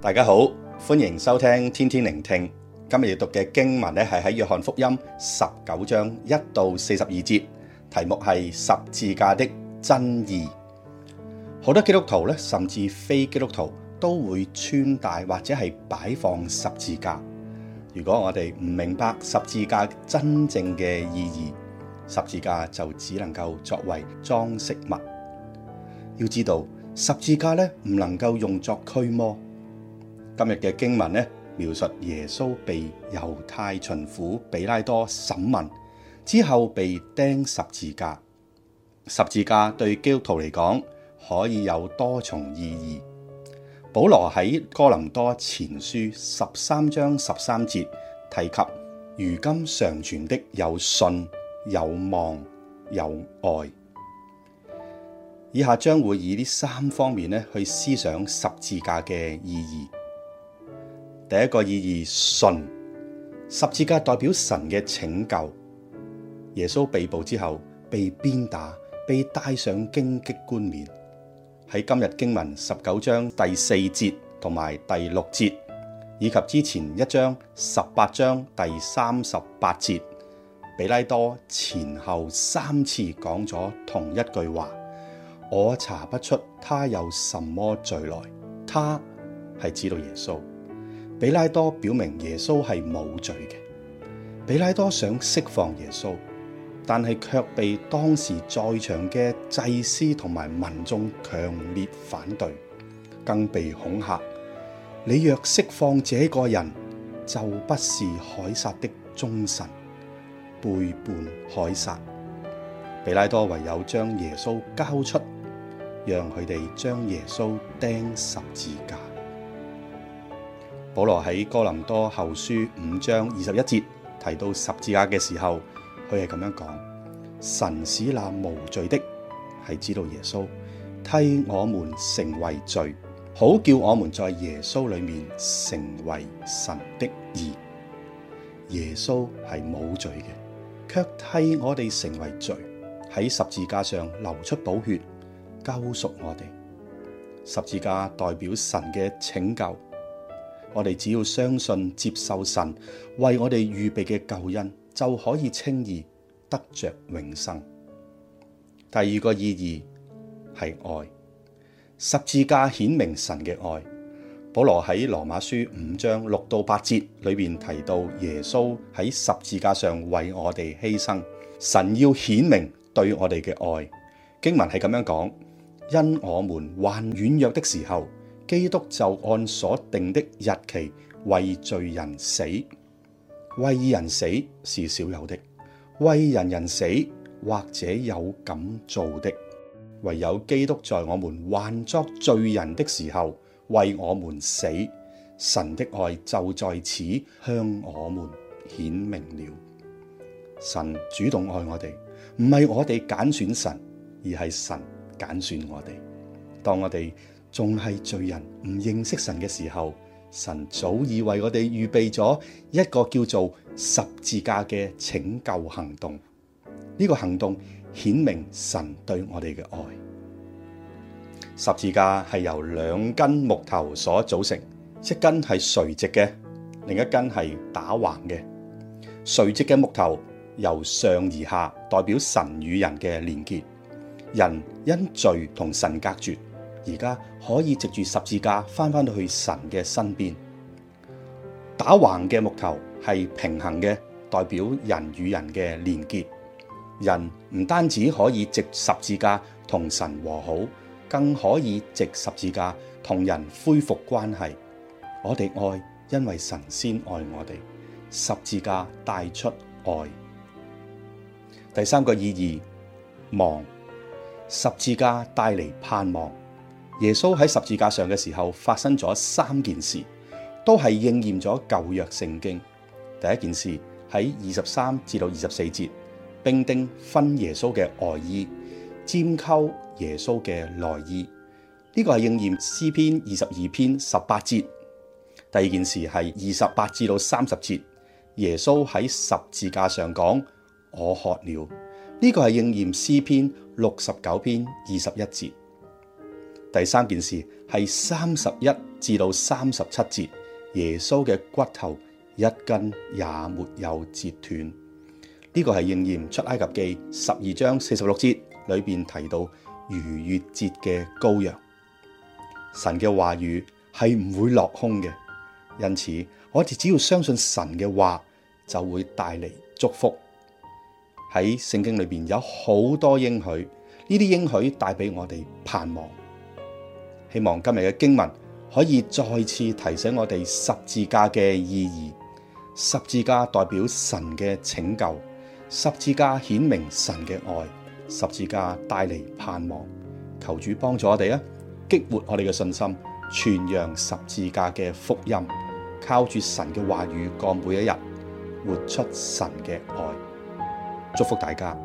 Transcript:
大家好，歡迎收聽天天靈聽。今日要讀嘅經文咧，係喺約翰福音十九章一到四十二節，題目係十字架的真義。好多基督徒咧，甚至非基督徒都會穿戴或者係擺放十字架。如果我哋唔明白十字架真正嘅意義，十字架就只能夠作為裝飾物。要知道十字架咧，唔能夠用作驅魔。今日嘅經文呢，描述耶穌被猶太巡撫彼拉多審問之後被釘十字架。十字架對基督徒嚟講，可以有多重意義。保羅喺哥林多前書十三章十三節提及，如今常存的有信、有望、有愛。以下將會以呢三方面呢去思想十字架嘅意義。第一個意義，信十字架代表神嘅拯救。耶穌被捕之後，被鞭打，被戴上荊棘冠冕。喺今日經文十九章第四節同埋第六節，以及之前一章十八章第三十八節，彼拉多前後三次講咗同一句話：我查不出他有什麼罪來。他係知道耶穌。彼拉多表明耶穌係冇罪嘅，彼拉多想釋放耶穌，但係卻被當時在場嘅祭司同埋民眾強烈反對，更被恐嚇：你若釋放這個人，就不是凱撒的忠臣，背叛凱撒。彼拉多唯有將耶穌交出，讓佢哋將耶穌釘十字架。保羅喺哥林多後書五章二十一節提到十字架嘅時候，佢係咁樣講：神使那無罪的係知道耶穌替我們成為罪，好叫我們在耶穌裏面成為神的義。耶穌係冇罪嘅，却替我哋成為罪，喺十字架上流出寶血，救贖我哋。十字架代表神嘅拯救。我哋只要相信接受神為我哋預備嘅救恩，就可以輕易得着永生。第二個意義係愛，十字架顯明神嘅愛。保羅喺羅馬書五章六到八節裏邊提到耶穌喺十字架上為我哋犧牲，神要顯明對我哋嘅愛。經文係咁樣講，因我們還軟弱的時候。基督就按所定的日期為罪人死，為人死是少有的，為人人死或者有敢做的，唯有基督在我們還作罪人的時候為我們死，神的愛就在此向我們顯明了。神主動愛我哋，唔係我哋揀選神，而係神揀選我哋。當我哋，仲係罪人唔認識神嘅時候，神早已為我哋預備咗一個叫做十字架嘅拯救行動。呢個行動顯明神對我哋嘅愛。十字架係由兩根木頭所組成，一根係垂直嘅，另一根係打橫嘅。垂直嘅木頭由上而下，代表神與人嘅連結。人因罪同神隔絕。而家可以藉住十字架翻返到去神嘅身邊。打橫嘅木頭係平衡嘅，代表人與人嘅連結。人唔單止可以藉十字架同神和好，更可以藉十字架同人恢復關係。我哋愛，因為神先愛我哋。十字架帶出愛。第三個意義，望十字架帶嚟盼望。耶穌喺十字架上嘅時候發生咗三件事，都係應驗咗舊約聖經。第一件事喺二十三至到二十四節，兵丁分耶穌嘅外衣，拈鬮耶穌嘅內衣。呢、這個係應驗詩篇二十二篇十八節。第二件事係二十八至到三十節，耶穌喺十字架上講我渴了。呢、這個係應驗詩篇六十九篇二十一節。第三件事係三十一至到三十七節，耶穌嘅骨頭一根也沒有折斷。呢、這個係應驗出埃及記十二章四十六節裏邊提到逾越節嘅羔羊。神嘅話語係唔會落空嘅，因此我哋只要相信神嘅話，就會帶嚟祝福。喺聖經裏邊有好多應許，呢啲應許帶俾我哋盼望。希望今日嘅經文可以再次提醒我哋十字架嘅意義。十字架代表神嘅拯救，十字架顯明神嘅愛，十字架帶嚟盼望。求主幫助我哋啊，激活我哋嘅信心，傳揚十字架嘅福音，靠住神嘅話語過每一日，活出神嘅愛。祝福大家。